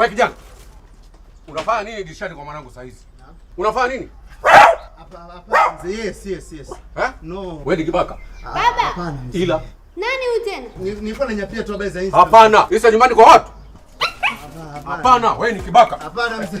Wewe kijana. Unafanya nini dirishani kwa mwanangu saa hizi? Unafanya nini? Hapa Yes, yes, yes. Eh? No. Wewe ni kibaka. Ah, Baba. Hapana. Ila nani huyu tena? Nilikuwa nanyapia tu habari za hizi. Hapana. Isa nyumbani kwa watu? Hapana. Hapana, wewe ni kibaka. Hapana mzee.